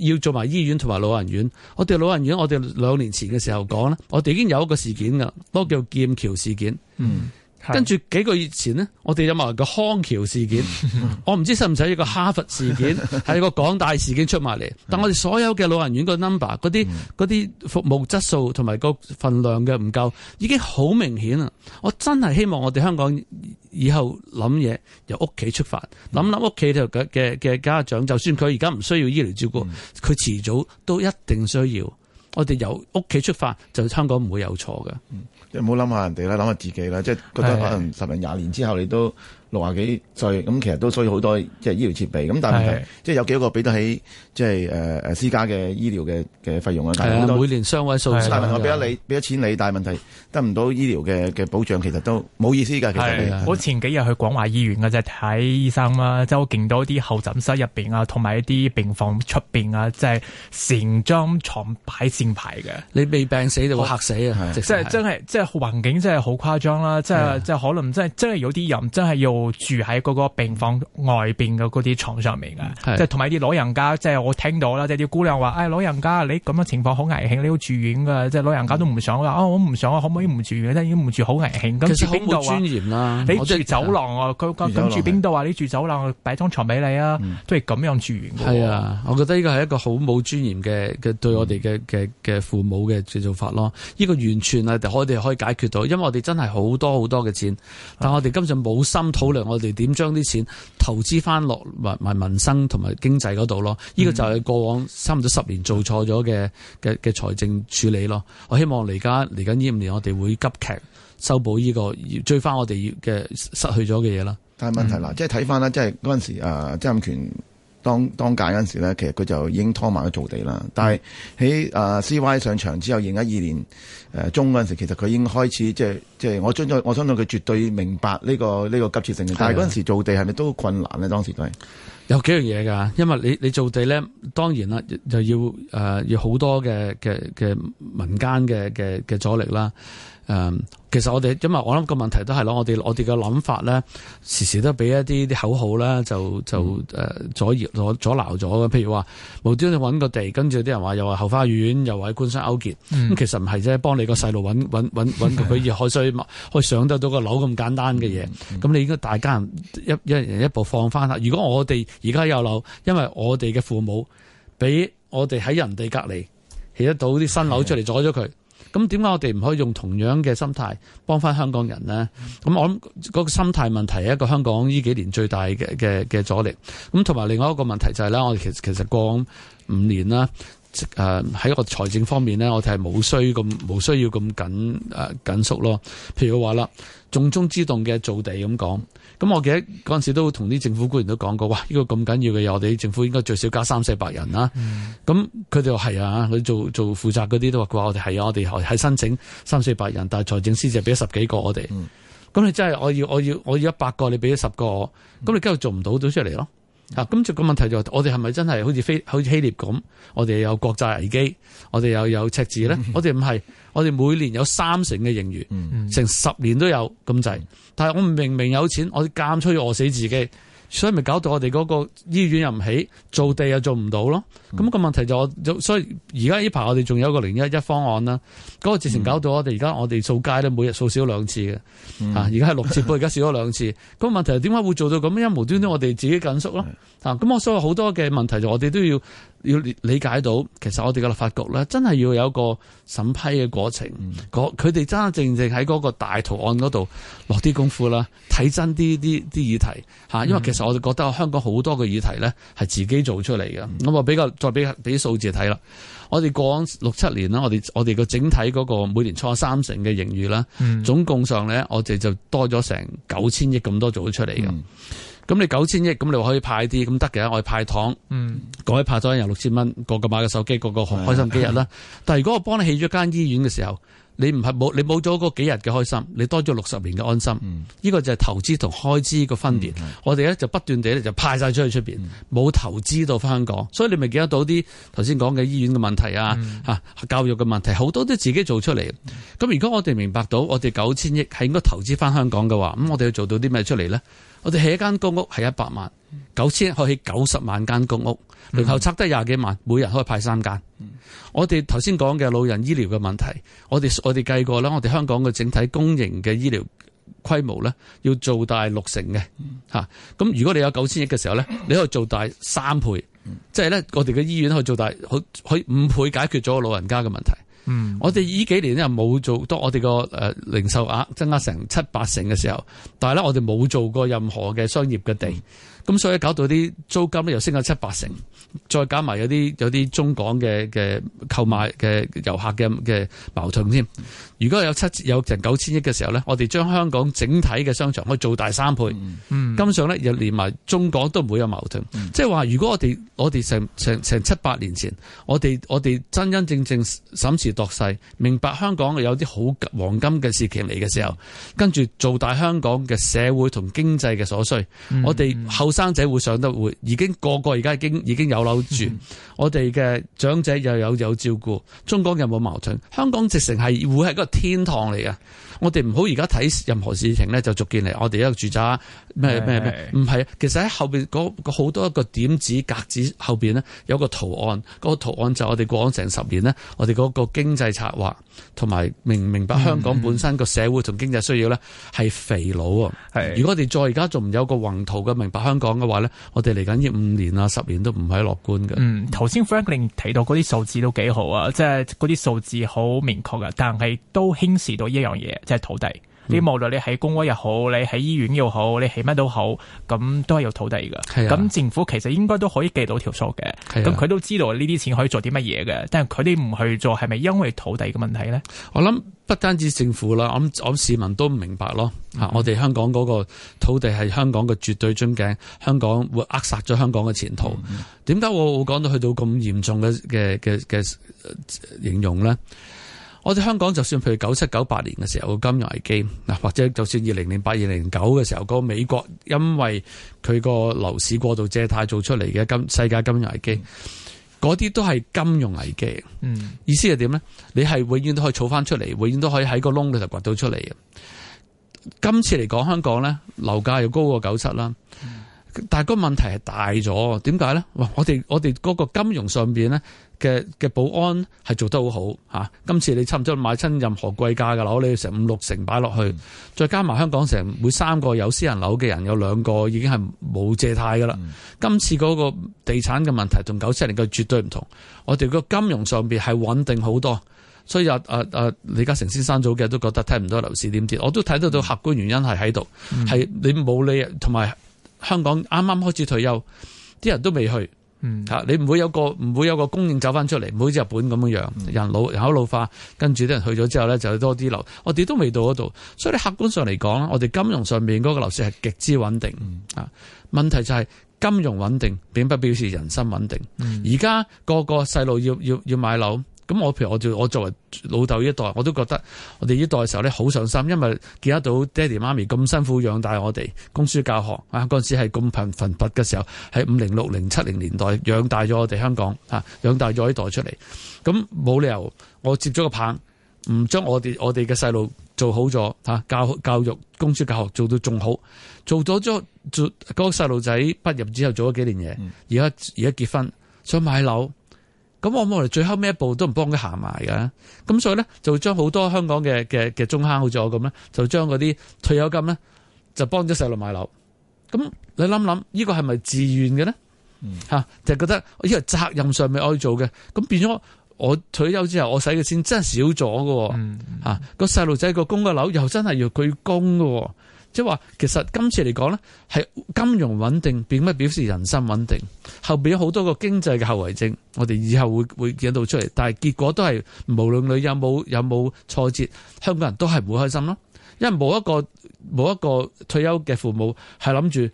要做埋醫院同埋老人院。我哋老人院，我哋兩年前嘅時候講咧，我哋已經有一個事件噶，都叫劍橋事件。嗯跟住幾個月前呢，我哋有埋個康橋事件， 我唔知使唔使一個哈佛事件，係 一個港大事件出埋嚟。但我哋所有嘅老人院個 number、嗰啲、嗰啲服務質素同埋個份量嘅唔夠，已經好明顯啦。我真係希望我哋香港以後諗嘢由屋企出發，諗諗屋企嘅嘅嘅家長，就算佢而家唔需要醫療照顧，佢遲 早都一定需要。我哋由屋企出發，就香港唔會有錯嘅。 即係唔好諗下人哋啦，諗下自己啦。即係覺得可能十零廿年之後，你都。六啊幾歲咁，其實都需要好多即係醫療設備。咁但係即係有幾多個俾得起即係誒誒私家嘅醫療嘅嘅費用啊？係每年雙位數。但係我俾咗你俾咗錢你，但係問題得唔到醫療嘅嘅保障，其實都冇意思㗎。其實我前幾日去廣華醫院嘅就係睇醫生啦，即係我見到啲候診室入邊啊，同埋一啲病房出邊啊，即係成張床擺成排嘅。你未病死就嚇死啊！即係真係即係環境真係好誇張啦！即係即係可能真係真係有啲人真係要。住喺嗰個病房外邊嘅嗰啲床上面嘅，即係同埋啲老人家，即係我聽到啦，即係啲姑娘話，哎，老人家，你咁嘅情況好危險，你要住院噶。即係老人家都唔想啦，啊，我唔想啊，可唔可以唔住院咧？如果唔住好危險，咁住邊度啊？你住走廊啊？佢佢咁住邊度啊？你住走廊擺張床俾你啊？嗯、都係咁樣住院噶。係啊，我覺得呢個係一個好冇尊嚴嘅嘅對我哋嘅嘅嘅父母嘅做法咯。呢、嗯、個完全啊，我哋可以解決到，因為我哋真係好多好多嘅錢，但我哋今次冇心我哋點將啲錢投資翻落埋埋民生同埋經濟嗰度咯？呢個就係過往差唔多十年做錯咗嘅嘅嘅財政處理咯。我希望嚟家嚟緊呢五年，我哋會急劇修補呢、這個，追翻我哋嘅失去咗嘅嘢啦。但係問題啦，嗯、即係睇翻啦，即係嗰陣時啊，曾蔭權。當當屆嗰陣時咧，其實佢就已經拖埋去造地啦。但係喺誒、呃、CY 上場之後，二零一二年誒、呃、中嗰陣時，其實佢已經開始即係即係，我相信我相信佢絕對明白呢、呢個呢、呢個急切性嘅。但係嗰陣時造地係咪都好困難呢？的當時都係有幾樣嘢㗎，因為你你造地咧，當然啦，就要誒要好多嘅嘅嘅民間嘅嘅嘅阻力啦。誒，其實我哋因為我諗個問題都係咯，我哋我哋嘅諗法咧，時時都俾一啲啲口號咧，就就誒阻遏、阻阻撓咗嘅。譬如話無端你揾個地，跟住啲人話又話後花園，又話官商勾結，咁其實唔係啫，幫你個細路揾揾揾揾佢可以可以上得到個樓咁簡單嘅嘢。咁你應該大家一一人一步放翻下。如果我哋而家有樓，因為我哋嘅父母俾我哋喺人哋隔籬起得到啲新樓出嚟，阻咗佢。咁點解我哋唔可以用同樣嘅心態幫翻香港人呢？咁、嗯嗯、我諗嗰個心態問題係一個香港呢幾年最大嘅嘅嘅阻力。咁同埋另外一個問題就係、是、啦，我哋其實其實過五年啦，誒、呃、喺個財政方面呢，我哋係冇需咁冇需要咁緊誒、呃、緊縮咯。譬如話啦，重中之重嘅造地咁講。咁我記得嗰陣時都同啲政府官員都講過，哇！呢個咁緊要嘅嘢，我哋政府應該最少加三四百人啦。咁佢哋話係啊，佢、嗯啊、做做負責嗰啲都話過，我哋係啊，我哋係申請三四百人，但係財政司就俾咗十幾個我哋。咁、嗯、你真係我要我要我要一百個，你俾咗十個我，咁你今日做唔到都出嚟咯。啊！咁就個問題就，我哋係咪真係好似非，好似希臘咁？我哋有國債危機，我哋又有赤字咧。 我哋唔係，我哋每年有三成嘅盈餘，成十年都有咁滯。但係我明明有錢，我哋間出要餓死自己。所以咪搞到我哋嗰個醫院又唔起，造地又做唔到咯。咁、嗯、個問題就所以而家呢排我哋仲有一個零一一方案啦。嗰、嗰個疫情搞到我哋而家我哋掃街咧，每日掃少咗兩次嘅。嚇，而家係六次噃，而家少咗兩次。咁問題係點解會做到咁？因為無端端我哋自己緊縮咯。嚇、嗯，咁我、嗯、所以好多嘅問題就我哋都要。要理解到，其實我哋嘅立法局咧，真係要有一個審批嘅過程。佢哋真係正正喺嗰個大圖案嗰度落啲功夫啦，睇真啲啲啲議題嚇。嗯、因為其實我哋覺得香港好多嘅議題咧，係自己做出嚟嘅。咁、嗯、我比較再俾俾數字睇啦。我哋過往六七年啦，我哋我哋嘅整體嗰個每年錯三成嘅盈餘啦，嗯、總共上咧我哋就多咗成九千億咁多做得出嚟嘅。嗯咁你九千億咁，你話可以派啲咁得嘅，我哋派糖，改、嗯、派咗又六千蚊，個個買個手機，個個開心幾日啦。嗯、但係如果我幫你起咗間醫院嘅時候，你唔係冇你冇咗嗰幾日嘅開心，你多咗六十年嘅安心。呢、嗯、個就係投資同開支個分別。嗯、我哋咧就不斷地就派晒出去出邊，冇、嗯、投資到翻香港，所以你咪記得到啲頭先講嘅醫院嘅問題啊，吓，教育嘅問題，好、嗯、多都自己做出嚟。咁、嗯、如果我哋明白到我哋九千億係應該投資翻香港嘅話，咁我哋要做到啲咩出嚟呢？我哋起一間公屋係一百萬九千億，可以起九十萬間公屋，然後拆得廿幾萬，每人可以派三間。嗯、我哋頭先講嘅老人醫療嘅問題，我哋我哋計過啦，我哋香港嘅整體公營嘅醫療規模咧，要做大六成嘅吓。咁、啊、如果你有九千億嘅時候咧，你可以做大三倍，即係咧我哋嘅醫院可以做大，可以五倍解決咗老人家嘅問題。嗯，我哋呢幾年咧冇做多，當我哋個誒零售額增加成七八成嘅時候，但係咧我哋冇做過任何嘅商業嘅地，咁所以搞到啲租金咧又升咗七八成，再加埋有啲有啲中港嘅嘅購買嘅遊客嘅嘅矛盾添。如果有七有成九千億嘅時候咧，我哋將香港整體嘅商場可以做大三倍。嗯，咁、嗯、上咧又連埋中港都唔會有矛盾。嗯、即係話如果我哋我哋成成成，成七八年前，我哋我哋真真正正審時度勢，明白香港有啲好黃金嘅時期嚟嘅時候，跟住做大香港嘅社會同經濟嘅所需，嗯、我哋後生仔會上得會，已經個個而家已經已經有樓住。嗯嗯、我哋嘅長者又有有照顧，中港有冇矛盾？香港直成係會係一個。天堂嚟嘅，我哋唔好而家睇任何事情咧，就逐漸嚟。我哋一個住宅。咩咩咩？唔係，其實喺後邊好多一個點子格子後邊呢，有個圖案。嗰個圖案就我哋過咗成十年呢，我哋嗰個經濟策劃同埋明唔明白香港本身個社會同經濟需要呢，係肥佬啊！的如果我哋再而家仲唔有個宏圖嘅明白香港嘅話呢，我哋嚟緊呢五年啊十年都唔係樂觀嘅。嗯，頭先 Franklin 提到嗰啲數字都幾好啊，即係嗰啲數字好明確嘅，但係都輕視到一樣嘢，即係土地。啲無論你喺公屋又好，你喺醫院又好，你起乜都好，咁都係有土地噶。咁、啊、政府其實應該都可以計到條數嘅。咁佢、啊、都知道呢啲錢可以做啲乜嘢嘅，但係佢哋唔去做，係咪因為土地嘅問題咧？我諗不單止政府啦，我諗我市民都唔明白咯。啊、嗯嗯，我哋香港嗰個土地係香港嘅絕對樽頸，香港會扼殺咗香港嘅前途。點解、嗯嗯嗯、我會講到去到咁嚴重嘅嘅嘅嘅形容咧？我哋香港就算譬如九七九八年嘅時候個金融危機，嗱，或者就算二零零八二零零九嘅時候，嗰美國因為佢個樓市過度借貸做出嚟嘅金世界金融危機，嗰啲、嗯、都係金融危機。嗯，意思係點咧？你係永遠都可以儲翻出嚟，永遠都可以喺個窿度就掘到出嚟。今次嚟講，香港咧，樓價又高過九七啦。嗯但係個問題係大咗，點解咧？哇！我哋我哋嗰個金融上邊咧嘅嘅保安係做得好好吓、啊。今次你差唔多買親任何貴價嘅樓，你要成五六成擺落去，嗯、再加埋香港成每三個有私人樓嘅人，有兩個已經係冇借貸噶啦。嗯、今次嗰個地產嘅問題同九七年嘅絕對唔同。我哋個金融上邊係穩定好多，所以阿阿阿李嘉誠先生早嘅都覺得睇唔到樓市點跌。我都睇得到客觀原因係喺度，係、嗯、你冇理同埋。香港啱啱開始退休，啲人都未去嚇，嗯、你唔會有個唔會有個供應走翻出嚟，唔會好似日本咁樣樣，人老人口老化，跟住啲人去咗之後咧就多啲樓，我哋都未到嗰度，所以你客觀上嚟講，我哋金融上面嗰個樓市係極之穩定啊。嗯、問題就係金融穩定並不表示人生穩定，而家、嗯、個個細路要要要買樓。咁我譬如我做我作為老豆呢一代，我都覺得我哋呢代嘅時候咧好上心，因為見得到爹哋媽咪咁辛苦養大我哋，供書教學啊嗰陣時係咁貧困乏嘅時候，喺五零六零七零年代養大咗我哋香港啊，養大咗呢代出嚟，咁、啊、冇理由我接咗個棒，唔將我哋我哋嘅細路做好咗嚇、啊，教教育、供書教學做到仲好，做咗咗做嗰個細路仔畢業之後做咗幾年嘢，而家而家結婚想買樓。咁我我嚟最後尾一步都唔幫佢行埋嘅，咁所以咧就將好多香港嘅嘅嘅中坑好似我咁咧，就將嗰啲退休金咧就幫咗細路買樓。咁你諗諗，呢個係咪自願嘅咧？嚇、嗯，就覺得呢個責任上面我要做嘅，咁變咗我退休之後我使嘅錢真係少咗嘅喎，嚇個細路仔個供嘅樓又真係要佢供嘅喎。即係話，其實今次嚟講咧，係金融穩定並唔係表示人心穩定。後邊有好多個經濟嘅後遺症，我哋以後會會引到出嚟。但係結果都係，無論你有冇有冇挫折，香港人都係唔會開心咯。因為冇一個冇一個退休嘅父母係諗住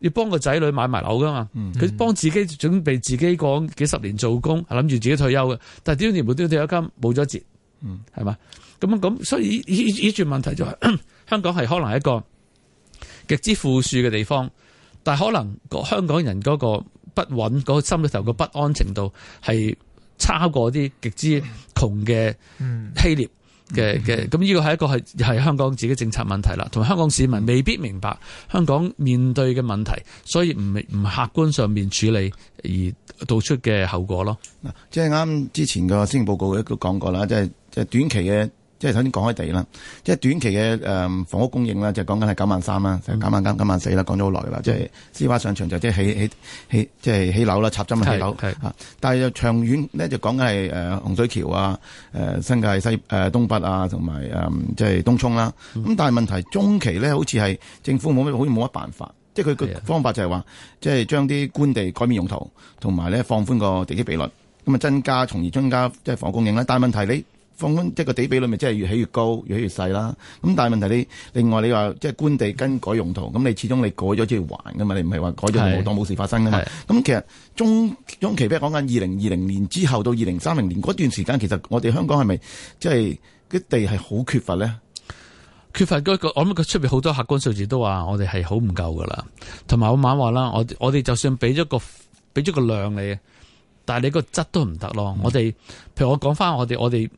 要幫個仔女買埋樓㗎嘛。佢、mm hmm. 幫自己準備自己過幾十年做工，係諗住自己退休嘅。但係點都冇會，點都退休金冇咗折，係嘛、mm？咁啊咁，所以呢依住問題就係、是、香港係可能係一個。極之富庶嘅地方，但係可能個香港人嗰個不穩，嗰個心裏頭個不安程度係差過啲極之窮嘅希臘嘅嘅，咁呢、嗯、個係一個係係香港自己政策問題啦，同埋香港市民未必明白香港面對嘅問題，所以唔唔客觀上面處理而導出嘅後果咯。嗱，即係啱之前個施政報告亦都講過啦，即係即係短期嘅。即係頭先講開地啦，即係短期嘅誒房屋供應啦，就講緊係九萬三啦，九萬三、九萬四啦，講咗好耐啦。即係司挖上場就即係起起起，即係起樓啦，插針啊，起樓。係啊，是的但係長遠咧就講緊係誒洪水橋啊、誒新界西誒東北啊同埋誒即係東涌啦。咁的但係問題中期咧好似係政府冇乜好似冇乜辦法，即係佢個方法就係話即係將啲官地改變用途，同埋咧放寬個地積比率，咁啊增加，從而增加即係房屋供應啦。但係問題你。放緊即係個地比率面，即係越起越高，越起越細啦。咁但係問題你另外你話即係官地更改用途，咁你始終你改咗即係要還噶嘛？你唔係話改咗是當冇事發生嘛？咁是其實中中期即係講緊二零二零年之後到二零三零年嗰段時間，其實我哋香港係咪即係啲地係好缺乏呢？缺乏嗰個，我諗佢出面好多客觀數字都話我哋係好唔夠噶啦。同埋我媽話啦，我我哋就算俾咗個俾咗個量你，但係你個質都唔得咯。我哋譬如我講翻我哋我哋。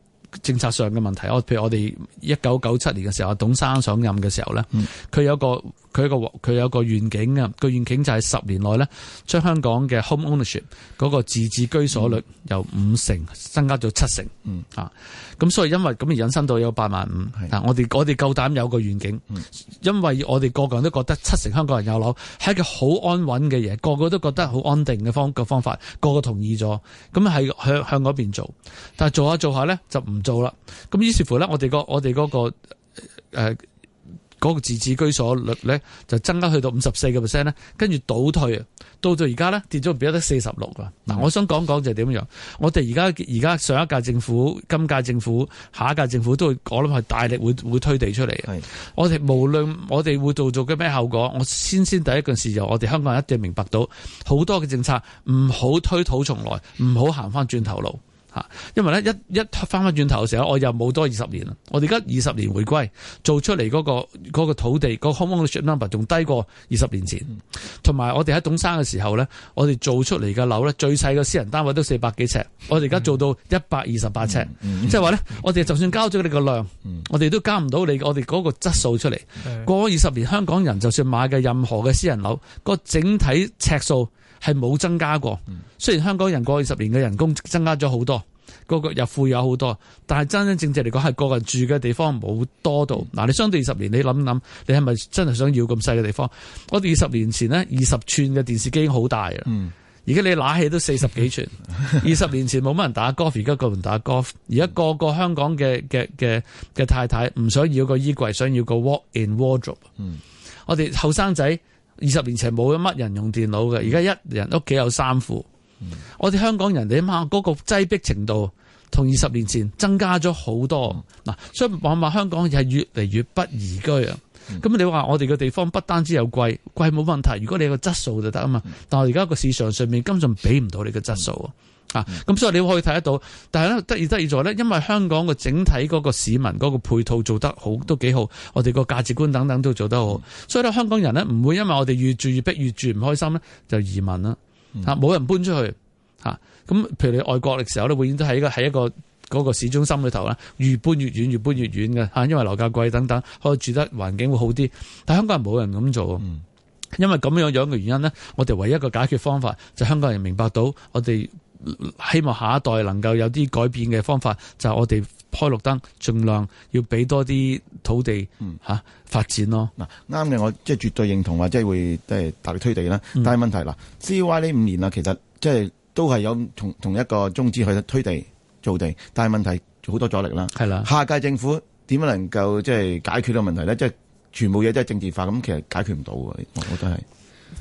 政策上嘅問題，我譬如我哋一九九七年嘅時候，董生上任嘅時候咧，佢、嗯、有一個。佢個佢有個願景啊，個願景就係十年內咧，將香港嘅 home ownership 嗰個自治居所率由五成增加到七成。嗯啊，咁所以因為咁而引申到有八萬五。係、啊、我哋我哋夠膽有個願景，嗯、因為我哋個個人都覺得七成香港人有樓係一個好安穩嘅嘢，個個都覺得好安定嘅方個方法，個個同意咗，咁係向向嗰邊做。但係做下做下咧就唔做啦。咁於是乎咧、嗰個，我哋、嗰個我哋嗰個誒。嗰個自治居所率咧就增加去到五十四個 percent 咧，跟住倒退啊，到到而家咧跌咗，變得四十六啊。嗱，我想講講就係點樣，我哋而家而家上一屆政府、今屆政府、下一屆政府都會我諗係大力會會推地出嚟。是我哋無論我哋會做做嘅咩後果，我先先第一件事就我哋香港人一定明白到好多嘅政策唔好推土重來，唔好行返轉頭路。因為咧一一翻翻轉頭嘅時候，我又冇多二十年啦，我哋而家二十年回歸做出嚟嗰、嗰個嗰個土地、個 home ownership 嘅 number 仲低過二十年前，同埋我哋喺董生嘅時候咧，我哋做出嚟嘅樓咧最細嘅私人單位都四百幾尺，我哋而家做到一百二十八尺，即係話咧，我哋就算交咗你個量，我哋都交唔到你我哋嗰個質素出嚟。過咗二十年，香港人就算買嘅任何嘅私人樓，個整體尺數，係冇增加過，雖然香港人過二十年嘅人工增加咗好多，個個又富有好多，但係真真正正嚟講，係個人住嘅地方冇多到。嗱、嗯，你相對二十年，你諗諗，你係咪真係想要咁細嘅地方？我哋二十年前呢，二十寸嘅電視機已經好大啦，而家，嗯、你拿起都四十幾寸。二十 年前冇乜人打 golf，而家個個打 golf。而家個個香港嘅嘅嘅嘅太太唔想要個衣櫃，想要個 walk in wardrobe。嗯，我哋後生仔。二十年前冇乜人用電腦嘅，而家一人屋企有三副。嗯、我哋香港人，你睇下嗰個擠迫程度，同二十年前增加咗好多。嗱、嗯啊，所以我話香港係越嚟越不宜居。咁、嗯、你話我哋嘅地方不單止有貴，貴冇問題。如果你個質素就得啊嘛。但係而家個市場上面，根本俾唔到你個質素。嗯嗯啊，咁、嗯、所以你可以睇得到，但係咧，得意得意在咧，因為香港個整體嗰個市民嗰個配套做得好，都幾好，我哋個價值觀等等都做得好，所以咧，香港人咧唔會因為我哋越住越逼，越住唔開心咧就移民啦，啊、嗯，冇人搬出去，吓、啊，咁譬如你外國嘅時候咧，永遠都喺個喺一個嗰個市中心裏頭啦，越搬越遠，越搬越遠嘅，吓，因為樓價貴等等，可以住得環境會好啲，但香港人冇人咁做，嗯、因為咁樣樣嘅原因咧，我哋唯一一個解決方法就是、香港人明白到我哋。希望下一代能夠有啲改變嘅方法，就係、我哋開綠燈，盡量要俾多啲土地吓、嗯啊、發展咯。嗱、嗯，啱嘅，我即係絕對認同話，即係會即係大力推地啦。嗯、但係問題嗱，CY 呢五年啊，其實即係都係有同同一個宗旨去推地做地，但係問題好多阻力啦。係啦的，下屆政府點樣能夠即係解決個問題咧？即係全部嘢都係政治化，咁其實解決唔到嘅，我覺得係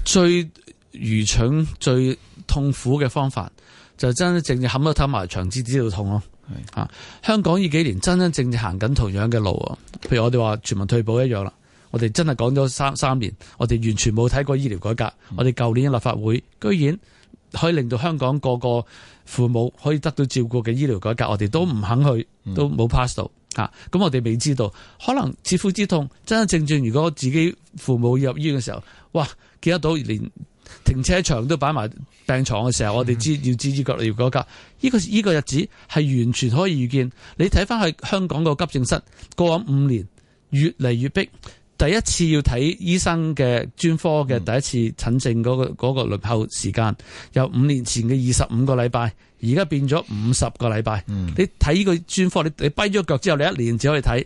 最愚蠢、最痛苦嘅方法。就真真正正冚都冚埋，長知知道痛咯。嚇是、啊！香港呢幾年真真正正行緊同樣嘅路啊。譬如我哋話全民退保一樣啦。我哋真係講咗三三年，我哋完全冇睇過醫療改革。我哋舊年嘅立法會居然可以令到香港個個父母可以得到照顧嘅醫療改革，我哋都唔肯去，都冇 pass 到。吓、啊，咁、嗯啊、我哋未知道，可能切膚之痛，真真正，正正如果自己父母入醫院嘅時候，哇，見得到連。停車場都擺埋病床嘅時候，我哋知要知之覺嚟。嗰家，呢個呢個日子係完全可以預見。你睇翻去香港個急症室，過往五年越嚟越逼，第一次要睇醫生嘅專科嘅第一次診症嗰、嗰個嗰、嗯、個輪候時間，由五年前嘅二十五個禮拜，而家變咗五十個禮拜。嗯、你睇呢個專科，你你跛咗腳之後，你一年只可以睇。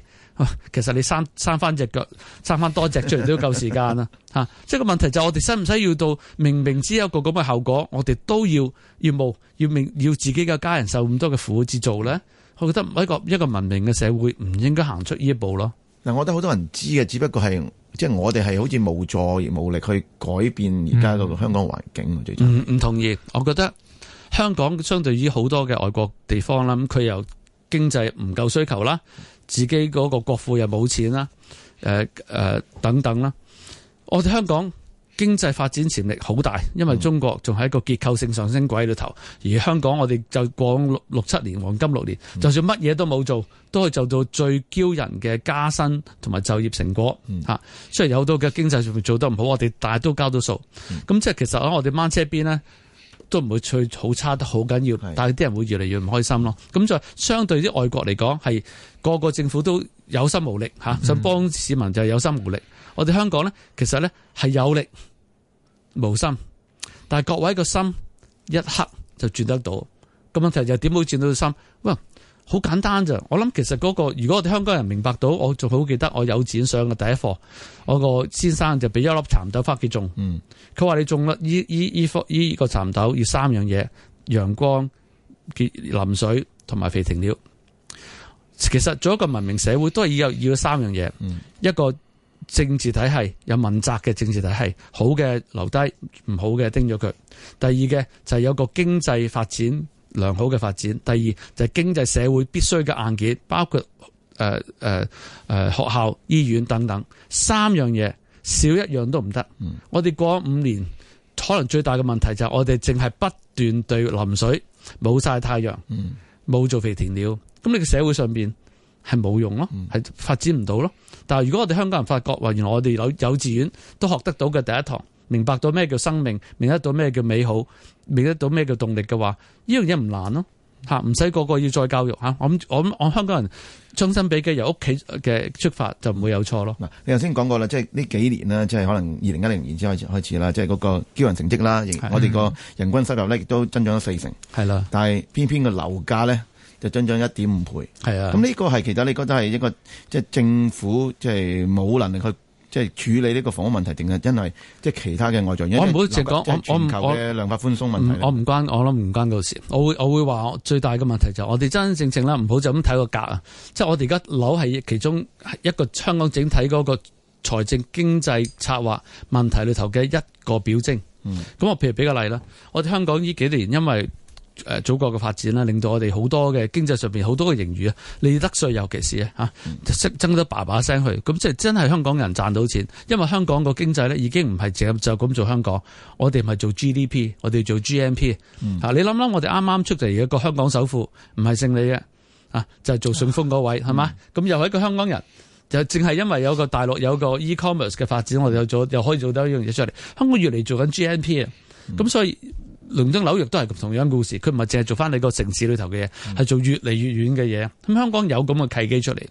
其實你生返隻腳，生返多隻出嚟都夠時間啦，吓、 啊！即係個問題就係我哋需唔需要到明明知有一個咁嘅後果，我哋都要要冒要明要，要自己嘅家人受咁多嘅苦至做咧？我覺得一個一個文明嘅社會唔應該行出呢一步咯。嗱，我覺得好多人知嘅，只不過係即係我哋係好似冇助而冇力去改變而家個香港環境，唔唔、嗯、同意？我覺得香港相對於好多嘅外國地方啦，咁佢又經濟唔夠需求啦。自己嗰個國庫又冇錢啦，誒、呃、誒、呃、等等啦。我哋香港經濟發展潛力好大，因為中國仲係一個結構性上升軌喺度頭，而香港我哋就過六六七年黃金六年，就算乜嘢都冇做，都係做到最驕人嘅加薪同埋就業成果嚇。嗯、雖然有好多嘅經濟上面做得唔好，我哋但係都交到數。咁、嗯、即係其實喺我哋掹車邊咧。都唔會去好差得好緊要，但係啲人會越嚟越唔開心咯。咁就相對啲外國嚟講，係個個政府都有心無力嚇，想幫市民就有心無力。我哋香港呢，其實呢係有力無心，但係各位個心一刻就轉得到。個問題就點會轉到個心？喂！好簡單咋？我諗其實嗰、那個，如果我哋香港人明白到，我仲好記得我有錢上嘅第一課，嗯、我個先生就俾咗一粒蠶豆翻屋企種。嗯，佢話你種粒依依依科依個蠶豆要三樣嘢：陽光、結淋水同埋肥田料。其實做一個文明社會都係要有要三樣嘢：嗯、一個政治體系有問責嘅政治體系，好嘅留低，唔好嘅叮咗佢。第二嘅就係、是、有個經濟發展。良好嘅發展，第二就係、是、經濟社會必須嘅硬件，包括誒誒誒學校、醫院等等，三樣嘢少一樣都唔得。嗯、我哋過五年，可能最大嘅問題就係我哋淨係不斷對淋水，冇晒太陽，冇、嗯、做肥田料。咁你嘅社會上邊係冇用咯，係、嗯、發展唔到咯。但係如果我哋香港人發覺話，原來我哋有幼稚園都學得到嘅第一堂。明白到咩叫生命，明得到咩叫美好，明得到咩叫動力嘅話，呢樣嘢唔難咯，啊，吓唔使個個要再教育吓，啊。我我我香港人將心比己由屋企嘅出發就唔會有錯咯。嗱，你頭先講過啦，即係呢幾年咧，即係可能二零一零年之後開始啦，即係嗰個驕人成績啦，我哋個人均收入咧亦都增長咗四成，係啦的，但係偏偏個樓價咧就增長一點五倍，係啊的，咁呢個係其實你覺得係一個即係政府即係冇能力去。即係處理呢個房屋問題，定係因為即係其他嘅外在原因我。我唔好直講，我我我唔求嘅量化寬鬆問題，我唔關，我諗唔關嗰事。我會我會話，最大嘅問題就係我哋真真正正啦，唔好就咁睇個格啊！即係我哋而家樓係其中一個香港整體嗰個財政經濟策劃問題裏頭嘅一個表徵。咁、嗯、我譬如俾個例啦，我哋香港呢幾年因為。誒，祖國嘅發展咧，令到我哋好多嘅經濟上邊好多嘅盈餘啊！利得稅尤其是啊嚇，識爭得叭叭聲去，咁、啊、即係真係香港人賺到錢，因為香港個經濟咧已經唔係淨就咁做香港，我哋唔係做 GDP，我哋做 GMP、嗯。嚇，你諗諗，我哋啱啱出嚟一個香港首富，唔係姓李嘅啊，就係、是、做順豐嗰位，係嘛、啊？咁又係一個香港人，就正係因為有個大陸有個 e-commerce 嘅發展，我哋又做又可以做到一樣嘢出嚟。香港越嚟做緊 GMP 啊，咁、啊、所以。嗯倫敦紐約都係同樣故事，佢唔係淨係做翻你個城市裏頭嘅嘢，係、嗯、做越嚟越遠嘅嘢。咁香港有咁嘅契機出嚟，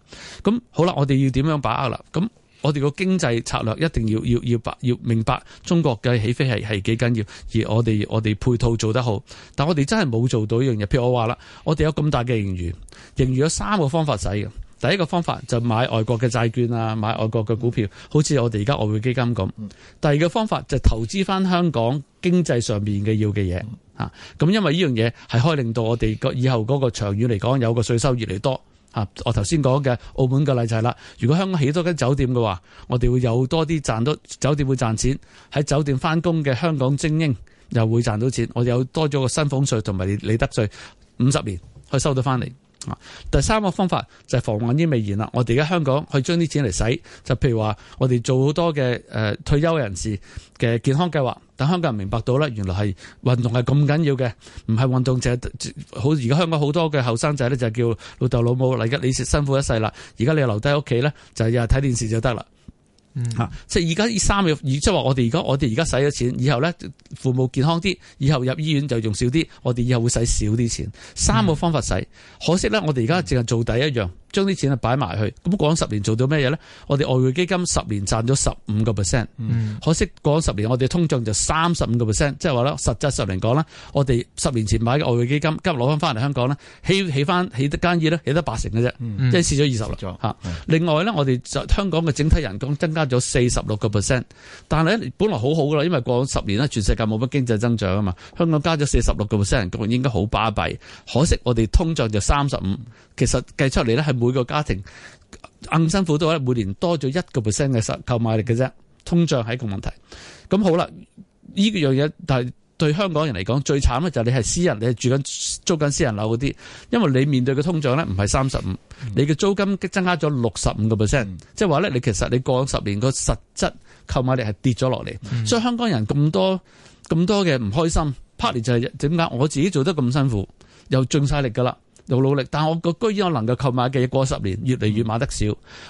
咁好啦，我哋要點樣把握啦？咁我哋個經濟策略一定要要要白要明白中國嘅起飛係係幾緊要，而我哋我哋配套做得好，但我哋真係冇做到呢樣嘢。譬如我話啦，我哋有咁大嘅盈餘，盈餘有三個方法使嘅。第一個方法就買外國嘅債券啊，買外國嘅股票，好似我哋而家外匯基金咁。第二個方法就投資翻香港經濟上面嘅要嘅嘢啊。咁因為呢樣嘢係可以令到我哋個以後嗰個長遠嚟講，有個稅收越嚟越多啊。我頭先講嘅澳門嘅例就係、是、啦，如果香港起多間酒店嘅話，我哋會有多啲賺到，酒店會賺錢，喺酒店翻工嘅香港精英又會賺到錢。我有多咗個薪俸稅同埋利得稅五十年可以收到翻嚟。第三個方法就係、是、防患於未然啦。我哋而家香港去將啲錢嚟使，就譬如話，我哋做好多嘅誒退休人士嘅健康計劃，等香港人明白到咧，原來係運動係咁緊要嘅，唔係運動者好。而家香港好多嘅後生仔咧，就叫老豆老母，而家你辛苦一世啦，而家你留低喺屋企咧，就係日日睇電視就得啦。吓、嗯，即係而家呢三嘢，即係話我哋而家我哋而家使咗錢，以後咧父母健康啲，以後入醫院就用少啲，我哋以後會使少啲錢。三個方法使，可惜咧我哋而家淨係做第一樣，將啲錢啊擺埋去，咁過咗十年做到咩嘢咧？我哋外匯基金十年賺咗十五個 percent，可惜過咗十年我哋通脹就三十五個 percent，即係話咧實質十年講啦，我哋十年前買嘅外匯基金，今日攞翻翻嚟香港咧，起翻起得間二咧，起得八成嘅啫，嗯嗯、即係蝕咗二十啦。吓、嗯，另外咧我哋香港嘅整體人工增,增加。咗四十六個 percent，但係咧本來好好噶啦，因為過咗十年咧，全世界冇乜經濟增長啊嘛，香港加咗四十六個 percent，咁應該好巴閉。可惜我哋通脹就三十五，其實計出嚟咧係每個家庭硬辛苦都咧每年多咗一個 percent 嘅實購買力嘅啫，通脹係一個問題。咁好啦，呢個樣嘢，但係對香港人嚟講最慘咧就係你係私人，你係住緊，租緊私人樓嗰啲，因為你面對嘅通脹咧唔係三十五，你嘅租金增加咗六十五個 percent，即係話咧你其實你過咗十年個實質購買力係跌咗落嚟，嗯、所以香港人咁多咁多嘅唔開心、嗯、，party 就係點解我自己做得咁辛苦又盡晒力㗎啦？有努力，但我個居然我能夠購買嘅嘢過十年越嚟越買得少。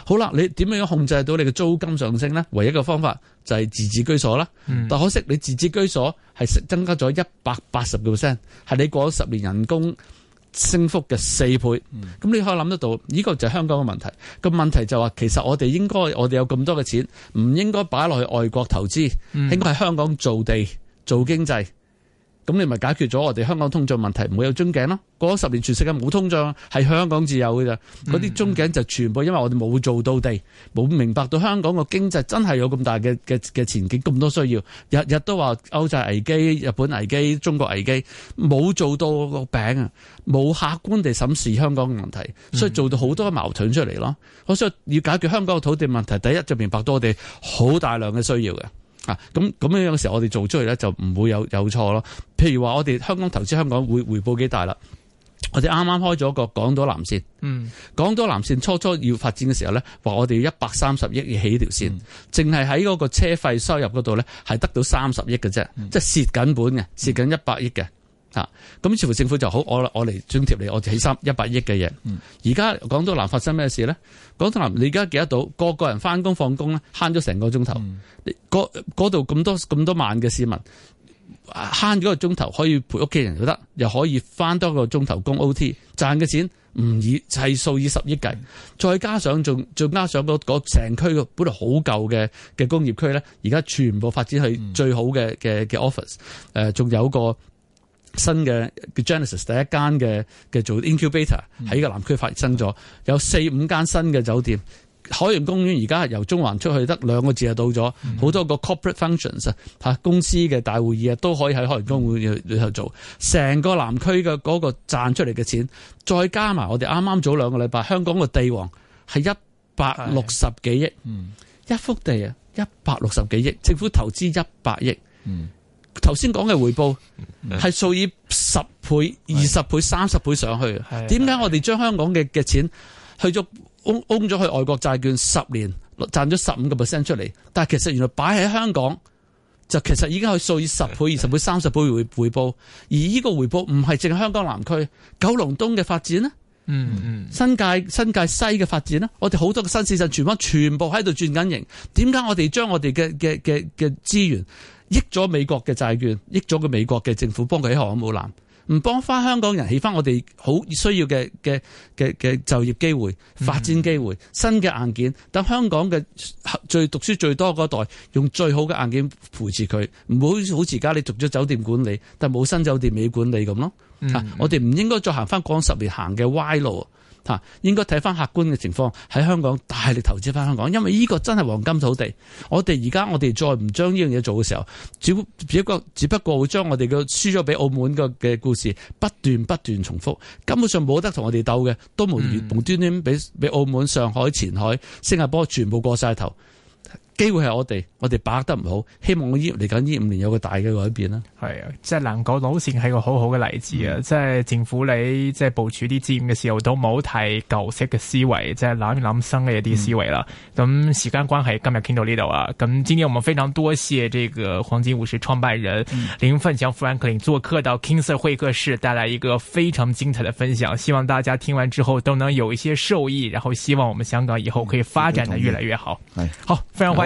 好啦，你點樣控制到你嘅租金上升咧？唯一嘅方法就係自置居所啦。嗯、但可惜你自置居所係增加咗一百八十個 percent，係你過咗十年人工升幅嘅四倍。咁、嗯、你可以諗得到，呢、這個就係香港嘅問題。個問題就話、是、其實我哋應該我哋有咁多嘅錢，唔應該擺落去外國投資，應該係香港做地做經濟。咁你咪解決咗我哋香港通脹問題，唔會有樽頸咯、啊。嗰十年全世界冇通脹，係香港自有嘅啫。嗰啲樽頸就全部因為我哋冇做到地，冇明白到香港個經濟真係有咁大嘅嘅嘅前景，咁多需要。日日都話歐債危機、日本危機、中國危機，冇做到個餅啊！冇客觀地審視香港嘅問題，所以做到好多矛盾出嚟咯。所以要解決香港嘅土地問題，第一就明白到我哋好大量嘅需要嘅。啊，咁咁樣嘅時候，我哋做出嚟咧就唔會有有錯咯。譬如話，我哋香港投資香港，會回報幾大啦。我哋啱啱開咗個港島南線，嗯，港島南線初初要發展嘅時候咧，話我哋要一百三十億起條線，淨係喺嗰個車費收入嗰度咧，係得到三十億嘅啫，嗯、即係蝕緊本嘅，蝕緊一百億嘅。嗯。咁似乎政府就好，我我嚟津貼你，我哋起三一百億嘅嘢。而家、嗯、港島南發生咩事咧？港島南，你而家記得到個個人翻工放工咧，慳咗成個鐘頭。嗰度咁多咁多萬嘅市民慳咗個鐘頭，可以陪屋企人都得，又可以翻多一個鐘頭供 OT，賺嘅錢唔以係數以十億計。嗯、再加上仲仲加上嗰成區嘅本來好舊嘅嘅工業區咧，而家全部發展去最好嘅嘅嘅 office、嗯。誒，仲有個。新嘅叫 Genesis 第一間嘅叫做 incubator 喺個南區發生咗，有四五間新嘅酒店，海洋公園而家係由中環出去得兩個字就到咗，好多個 corporate functions 吓公司嘅大會議啊都可以喺海洋公園裏頭做，成個南區嘅嗰個賺出嚟嘅錢，再加埋我哋啱啱早兩個禮拜香港個地王係一百六十幾億，的一幅地啊一百六十幾億，政府投資一百億。嗯頭先講嘅回報係數以十倍、二十倍、三十倍上去。點解的我哋將香港嘅嘅錢去咗掹咗去外國債券十年賺咗十五個 percent 出嚟？但係其實原來擺喺香港就其實已經係數以十倍、二十倍、三十倍回回報。而呢個回報唔係淨係香港南區、九龍東嘅發展咧，嗯嗯，新界新界西嘅發展咧，我哋好多嘅新市鎮全方全部喺度轉緊型。點解我哋將我哋嘅嘅嘅嘅資源？益咗美國嘅債券，益咗個美國嘅政府幫佢起航空母艦，唔幫翻香港人起翻我哋好需要嘅嘅嘅嘅就業機會、發展機會、新嘅硬件。等香港嘅最讀書最多嗰代，用最好嘅硬件扶持佢，唔會好似而家你讀咗酒店管理，但冇新酒店美管理咁咯、嗯啊。我哋唔應該再行翻嗰十年行嘅歪路。嚇，應該睇翻客觀嘅情況，喺香港大力投資翻香港，因為呢個真係黃金土地。我哋而家我哋再唔將呢樣嘢做嘅時候，只只不過只不過會將我哋嘅輸咗俾澳門嘅嘅故事不斷不斷重複，根本上冇得同我哋鬥嘅，都無緣無端端俾俾澳門、上海、前海、新加坡全部過晒頭。機會係我哋，我哋把握得唔好。希望我依嚟緊呢五年有個大嘅改變啦。係啊，即係難講老好似係個好好嘅例子啊！即係、嗯、政府你即係部署啲資源嘅時候，都冇好睇舊式嘅思維，即係諗諗新嘅一啲思維啦。咁、嗯、時間關係，今日傾到呢度啊。咁，今年我們非常多謝這個黃金五十創辦人林奮強、嗯、Franklin 做客到 KingSir、er、會客室，帶來一個非常精彩的分享。希望大家聽完之後都能有一些受益。然後，希望我們香港以後可以發展得越來越好。嗯嗯、好，非常歡。